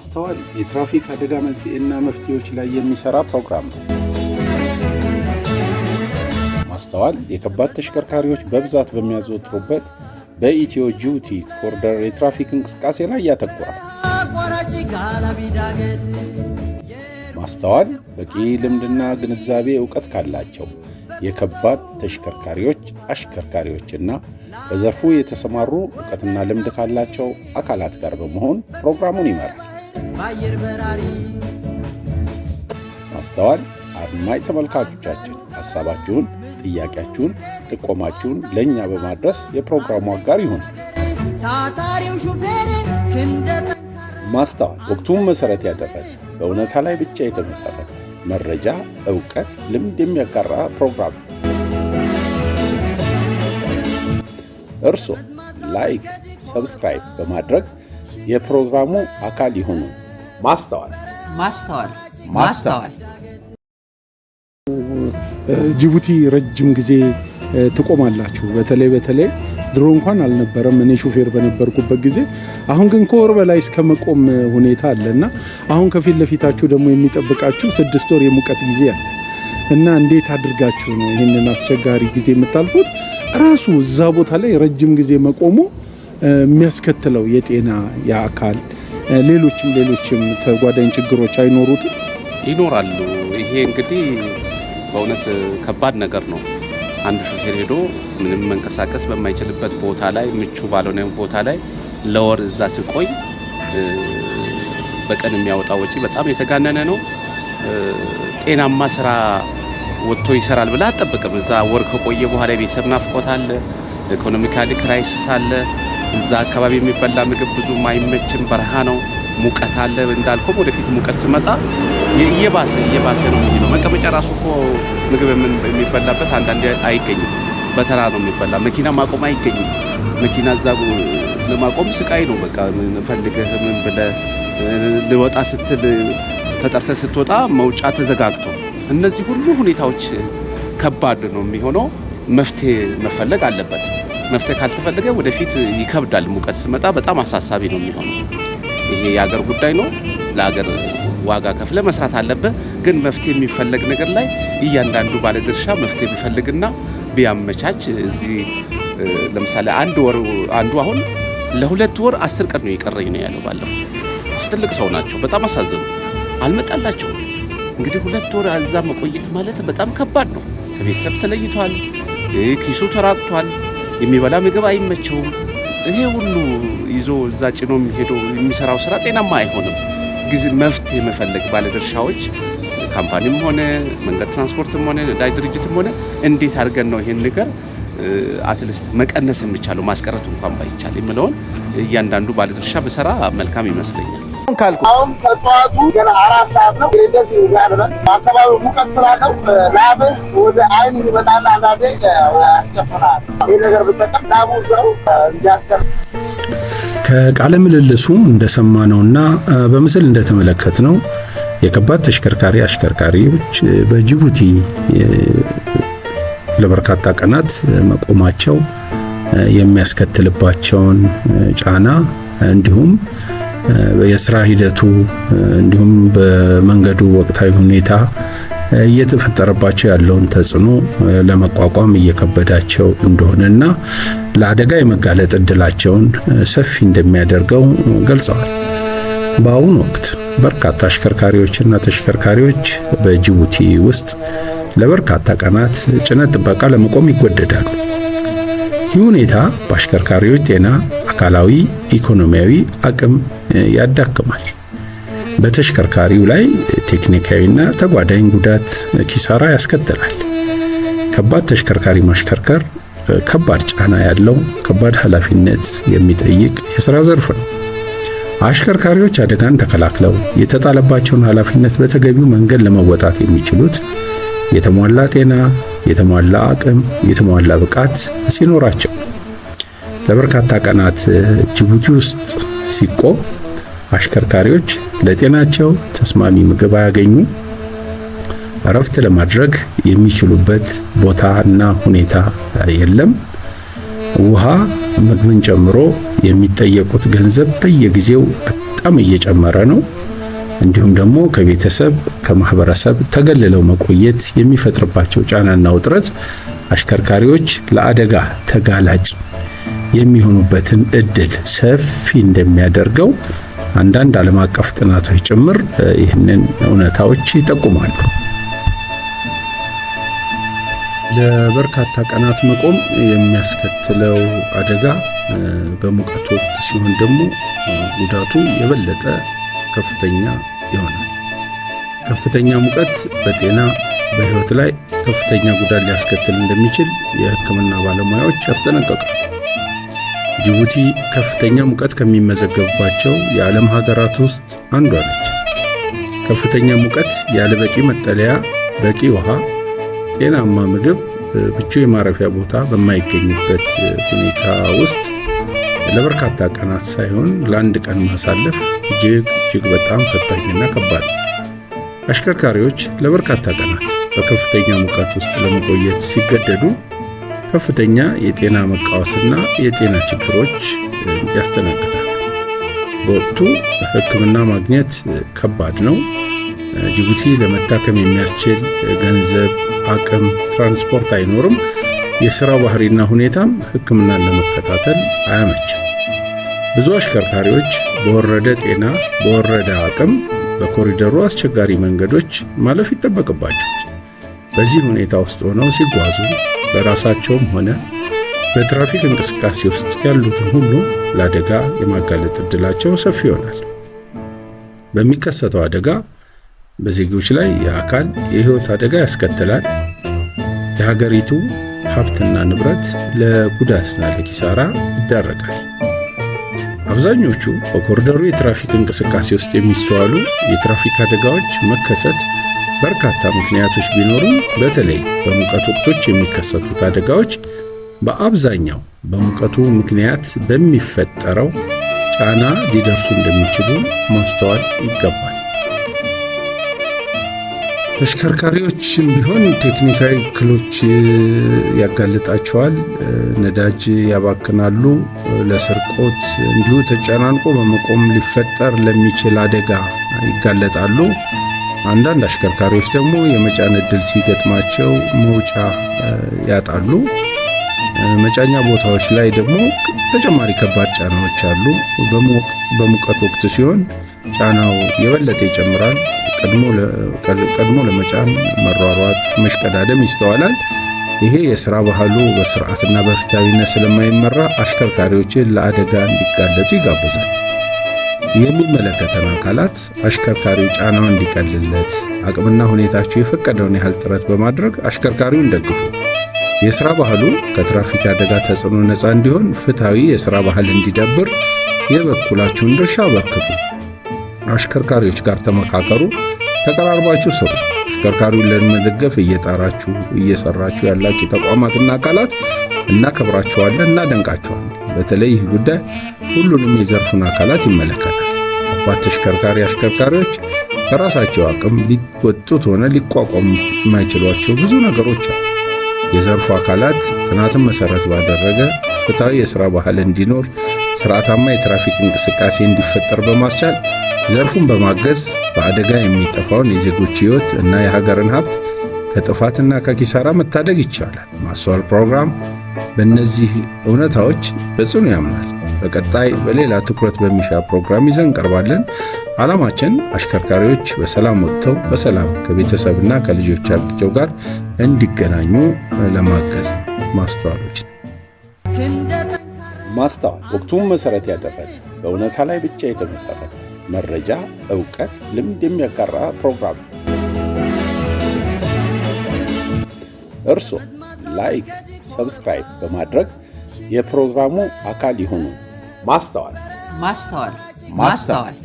ማስተዋል የትራፊክ አደጋ መንስኤና መፍትሄዎች ላይ የሚሰራ ፕሮግራም ነው። ማስተዋል የከባድ ተሽከርካሪዎች በብዛት በሚያዘወትሩበት በኢትዮ ጅቡቲ ኮሪደር የትራፊክ እንቅስቃሴ ላይ ያተኩራል። ማስተዋል በቂ ልምድና ግንዛቤ እውቀት ካላቸው የከባድ ተሽከርካሪዎች አሽከርካሪዎችና በዘርፉ የተሰማሩ እውቀትና ልምድ ካላቸው አካላት ጋር በመሆን ፕሮግራሙን ይመራል። በአየር በራሪ ማስተዋል አድማጭ ተመልካቾቻችን ሀሳባችሁን ጥያቄያችሁን፣ ጥቆማችሁን ለእኛ በማድረስ የፕሮግራሙ አጋር ይሁን። ታታሪው ሹፌር ማስተዋል ወቅቱን መሠረት ያደረገ በእውነታ ላይ ብቻ የተመሠረተ መረጃ፣ እውቀት፣ ልምድ የሚያጋራ ፕሮግራም እርሶ ላይክ፣ ሰብስክራይብ በማድረግ የፕሮግራሙ አካል ይሁኑ። ማስተዋል ማስተዋል ማስተዋል ጅቡቲ ረጅም ጊዜ ትቆማላችሁ። በተለይ በተለይ ድሮ እንኳን አልነበረም፣ እኔ ሹፌር በነበርኩበት ጊዜ። አሁን ግን ከወር በላይ እስከ መቆም ሁኔታ አለ እና አሁን ከፊት ለፊታችሁ ደግሞ የሚጠብቃችሁ ስድስት ወር የሙቀት ጊዜ አለ እና እንዴት አድርጋችሁ ነው ይህንን አስቸጋሪ ጊዜ የምታልፉት? ራሱ እዛ ቦታ ላይ ረጅም ጊዜ መቆሙ የሚያስከትለው የጤና የአካል ሌሎችም ሌሎችም ተጓዳኝ ችግሮች አይኖሩትም? ይኖራሉ። ይሄ እንግዲህ በእውነት ከባድ ነገር ነው። አንድ ሹፌር ሄዶ ምንም መንቀሳቀስ በማይችልበት ቦታ ላይ ምቹ ባልሆነ ቦታ ላይ ለወር እዛ ሲቆይ በቀን የሚያወጣ ወጪ በጣም የተጋነነ ነው። ጤናማ ስራ ወጥቶ ይሰራል ብለህ አጠብቅም። እዛ ወር ከቆየ በኋላ የቤተሰብ ናፍቆት አለ፣ ኢኮኖሚካሊ ክራይሲስ አለ። እዛ አካባቢ የሚበላ ምግብ ብዙም አይመችም። በረሃ ነው፣ ሙቀት አለ። እንዳልኩም ወደፊት ሙቀት ስመጣ እየባሰ እየባሰ ነው የሚሄደው። መቀመጫ ራሱ እኮ ምግብ የሚበላበት አንዳንዴ አይገኝም። በተራ ነው የሚበላ። መኪና ማቆም አይገኝም። መኪና እዛ ለማቆም ስቃይ ነው። በቃ ፈልገህ ምን ብለህ ልወጣ ስትል ተጠርተህ ስትወጣ መውጫ ተዘጋግቶ፣ እነዚህ ሁሉ ሁኔታዎች ከባድ ነው የሚሆነው። መፍትሄ መፈለግ አለበት። መፍትሄ ካልተፈለገ ወደፊት ይከብዳል። ሙቀት ስመጣ በጣም አሳሳቢ ነው የሚሆነው። ይሄ የሀገር ጉዳይ ነው። ለሀገር ዋጋ ከፍለ መስራት አለበ ግን መፍትሄ የሚፈለግ ነገር ላይ እያንዳንዱ ባለድርሻ መፍትሄ ቢፈልግና ቢያመቻች እዚህ ለምሳሌ አንድ ወር አንዱ አሁን ለሁለት ወር አስር ቀን ነው የቀረኝ ነው ያለው ባለፈው። ትልቅ ሰው ናቸው። በጣም አሳዘኑ። አልመጣላቸው እንግዲህ ሁለት ወር አዛ መቆየት ማለት በጣም ከባድ ነው። ከቤተሰብ ተለይቷል። ኪሱ ተራቅቷል። የሚበላ ምግብ አይመቸውም። ይሄ ሁሉ ይዞ እዛ ጭኖ የሚሄደው የሚሰራው ስራ ጤናማ አይሆንም። ጊዜ መፍትሄ መፈለግ ባለድርሻዎች ካምፓኒም ሆነ መንገድ ትራንስፖርትም ሆነ ነዳጅ ድርጅትም ሆነ እንዴት አድርገን ነው ይሄን ነገር አትልስት መቀነስ የሚቻለው ማስቀረት እንኳን ባይቻል የምለውን እያንዳንዱ ባለድርሻ ብሰራ መልካም ይመስለኛል። ካልኩ አሁን ከጠዋቱ ገና አራት ሰዓት ነው። ግን እንደዚህ ጋልበን አካባቢው ሙቀት ስላለው ላብህ ወደ አይን ይመጣል። አንዳንዴ ያስከፍናል። ይህ ነገር ብጠቀም ላቡ ዘው እንዲያስከፍ ከቃለ ምልልሱም እንደሰማነውና በምስል እንደተመለከትነው የከባድ ተሽከርካሪ አሽከርካሪዎች በጅቡቲ ለበርካታ ቀናት መቆማቸው የሚያስከትልባቸውን ጫና እንዲሁም የስራ ሂደቱ እንዲሁም በመንገዱ ወቅታዊ ሁኔታ እየተፈጠረባቸው ያለውን ተጽዕኖ ለመቋቋም እየከበዳቸው እንደሆነና ለአደጋ የመጋለጥ እድላቸውን ሰፊ እንደሚያደርገው ገልጸዋል። በአሁኑ ወቅት በርካታ አሽከርካሪዎችና ተሽከርካሪዎች በጅቡቲ ውስጥ ለበርካታ ቀናት ጭነት ጥበቃ ለመቆም ይጎደዳሉ። ይህ ሁኔታ በአሽከርካሪዎች ጤና፣ አካላዊ፣ ኢኮኖሚያዊ አቅም ያዳክማል። በተሽከርካሪው ላይ ቴክኒካዊና ተጓዳኝ ጉዳት ኪሳራ ያስከትላል። ከባድ ተሽከርካሪ ማሽከርከር ከባድ ጫና ያለው ከባድ ኃላፊነት የሚጠይቅ የሥራ ዘርፍ ነው። አሽከርካሪዎች አደጋን ተከላክለው የተጣለባቸውን ኃላፊነት በተገቢው መንገድ ለመወጣት የሚችሉት የተሟላ ጤና፣ የተሟላ አቅም፣ የተሟላ ብቃት ሲኖራቸው ለበርካታ ቀናት ጅቡቲ ውስጥ ሲቆም አሽከርካሪዎች ለጤናቸው ተስማሚ ምግብ አያገኙ እረፍት ለማድረግ የሚችሉበት ቦታ እና ሁኔታ የለም። ውሃ፣ ምግብን ጨምሮ የሚጠየቁት ገንዘብ በየጊዜው በጣም እየጨመረ ነው። እንዲሁም ደግሞ ከቤተሰብ ከማህበረሰብ ተገልለው መቆየት የሚፈጥርባቸው ጫናና ውጥረት አሽከርካሪዎች ለአደጋ ተጋላጭ የሚሆኑበትን እድል ሰፊ እንደሚያደርገው አንዳንድ ዓለም አቀፍ ጥናቶች ጭምር ይህንን እውነታዎች ይጠቁማሉ። ለበርካታ ቀናት መቆም የሚያስከትለው አደጋ በሙቀት ወቅት ሲሆን ደግሞ ጉዳቱ የበለጠ ከፍተኛ ይሆናል። ከፍተኛ ሙቀት በጤና በሕይወት ላይ ከፍተኛ ጉዳት ሊያስከትል እንደሚችል የሕክምና ባለሙያዎች ያስጠነቀቃል። ጅቡቲ ከፍተኛ ሙቀት ከሚመዘገብባቸው የዓለም ሀገራት ውስጥ አንዷ ነች። ከፍተኛ ሙቀት ያለ በቂ መጠለያ፣ በቂ ውሃ፣ ጤናማ ምግብ፣ ምቹ የማረፊያ ቦታ በማይገኝበት ሁኔታ ውስጥ ለበርካታ ቀናት ሳይሆን ለአንድ ቀን ማሳለፍ እጅግ እጅግ በጣም ፈታኝና ከባድ ነው። አሽከርካሪዎች ለበርካታ ቀናት በከፍተኛ ሙቀት ውስጥ ለመቆየት ሲገደዱ ከፍተኛ የጤና መቃወስና የጤና ችግሮች ያስተናግዳል። በወቅቱ ሕክምና ማግኘት ከባድ ነው። ጅቡቲ ለመታከም የሚያስችል ገንዘብ፣ አቅም፣ ትራንስፖርት አይኖርም። የሥራ ባህሪና ሁኔታም ሕክምናን ለመከታተል አያመችም። ብዙ አሽከርካሪዎች በወረደ ጤና፣ በወረደ አቅም በኮሪደሩ አስቸጋሪ መንገዶች ማለፍ ይጠበቅባቸዋል። በዚህ ሁኔታ ውስጥ ሆነው ሲጓዙ በራሳቸውም ሆነ በትራፊክ እንቅስቃሴ ውስጥ ያሉትን ሁሉ ለአደጋ የማጋለጥ ዕድላቸው ሰፊ ይሆናል። በሚከሰተው አደጋ በዜጎች ላይ የአካል የሕይወት አደጋ ያስከትላል። የሀገሪቱ ሀብትና ንብረት ለጉዳትና ለኪሳራ ይዳረጋል። አብዛኞቹ በኮሪደሩ የትራፊክ እንቅስቃሴ ውስጥ የሚስተዋሉ የትራፊክ አደጋዎች መከሰት በርካታ ምክንያቶች ቢኖሩም በተለይ በሙቀት ወቅቶች የሚከሰቱት አደጋዎች በአብዛኛው በሙቀቱ ምክንያት በሚፈጠረው ጫና ሊደርሱ እንደሚችሉ ማስተዋል ይገባል። ተሽከርካሪዎችም ቢሆን ቴክኒካዊ እክሎች ያጋልጣቸዋል፣ ነዳጅ ያባክናሉ፣ ለስርቆት እንዲሁ ተጨናንቆ በመቆም ሊፈጠር ለሚችል አደጋ ይጋለጣሉ። አንዳንድ አሽከርካሪዎች ደግሞ የመጫን እድል ሲገጥማቸው መውጫ ያጣሉ። መጫኛ ቦታዎች ላይ ደግሞ ተጨማሪ ከባድ ጫናዎች አሉ። በሙቀት ወቅት ሲሆን ጫናው የበለጠ ይጨምራል። ቀድሞ ለመጫን መሯሯጥ፣ መሽቀዳደም ይስተዋላል። ይሄ የስራ ባህሉ በስርዓትና በፍትሃዊነት ስለማይመራ አሽከርካሪዎችን ለአደጋ እንዲጋለጡ ይጋብዛል። የሚመለከተን አካላት አሽከርካሪው ጫናው እንዲቀልለት አቅምና ሁኔታቸው የፈቀደውን ያህል ጥረት በማድረግ አሽከርካሪውን ደግፉ። የሥራ ባህሉ ከትራፊክ አደጋ ተጽዕኖ ነፃ እንዲሆን ፍትሐዊ የሥራ ባህል እንዲዳብር የበኩላችሁን ድርሻ አበርክቱ። አሽከርካሪዎች ጋር ተመካከሩ፣ ተቀራርባችሁ ስሩ። አሽከርካሪውን ለመደገፍ እየጣራችሁ እየሰራችሁ ያላችሁ ተቋማትና አካላት እናከብራችኋለን፣ እናደንቃችኋለን። በተለይ ይህ ጉዳይ ሁሉንም የዘርፉን አካላት ይመለከታል። አባት ተሽከርካሪ አሽከርካሪዎች በራሳቸው አቅም ሊወጡት ሆነ ሊቋቋሙ የማይችሏቸው ብዙ ነገሮች አሉ። የዘርፉ አካላት ጥናትን መሠረት ባደረገ ፍትሐዊ የሥራ ባህል እንዲኖር፣ ሥርዓታማ የትራፊክ እንቅስቃሴ እንዲፈጠር በማስቻል ዘርፉን በማገዝ በአደጋ የሚጠፋውን የዜጎች ሕይወት እና የሀገርን ሀብት ከጥፋትና ከኪሳራ መታደግ ይቻላል። ማስተዋል ፕሮግራም በእነዚህ እውነታዎች በጽኑ ያምናል። በቀጣይ በሌላ ትኩረት በሚሻ ፕሮግራም ይዘን ቀርባለን። ዓላማችን አሽከርካሪዎች በሰላም ወጥተው በሰላም ከቤተሰብና ከልጆቻቸው ጋር እንዲገናኙ ለማገዝ ማስተዋሎች ማስተዋል ወቅቱን መሠረት ያደረገ በእውነታ ላይ ብቻ የተመሠረተ መረጃ፣ እውቀት፣ ልምድ የሚያጋራ ፕሮግራም እርሶ ላይክ ሰብስክራይብ በማድረግ የፕሮግራሙ አካል ይሁኑ። ማስተዋል ማስተዋል ማስተዋል